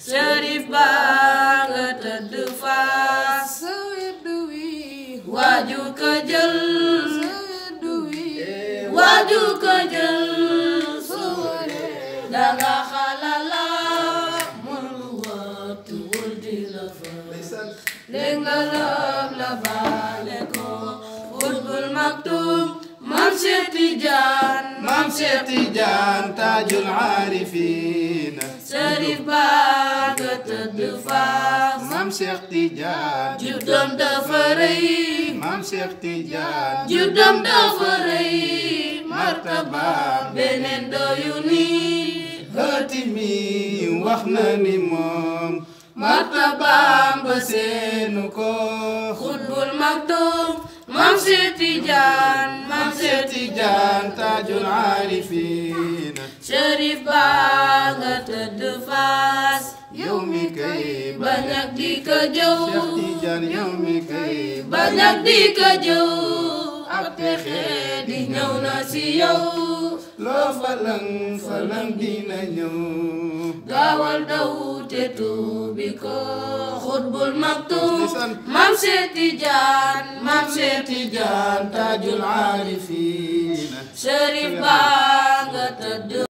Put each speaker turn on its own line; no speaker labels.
Serif ba nga
tëdd faas sa weddu wi waaju ko jël sa weddu xalala mën wattu wul di la fa léngalab la baale ko xutbul maktum mam Cheikh Tidiane mam Cheikh Tidiane taajul maam Cheikh Tidiane. juddam dafa rëy. maam Cheikh Tidiane. juddam dafa rëy. martabaam beneen doyu ni. xaatimi wax na ni moom. maam Cheikh Tidiane. taajul aarifin. Cherif ba nga banyak dikejauh banyak dikejauh ak pexe di ñëw na si yow loo falang falang dina ñëw gaawal daw te tuubi ko xutbul maktum maam seeti jaan maam seeti jaan taajul aarifiin sharif baa nga tëdd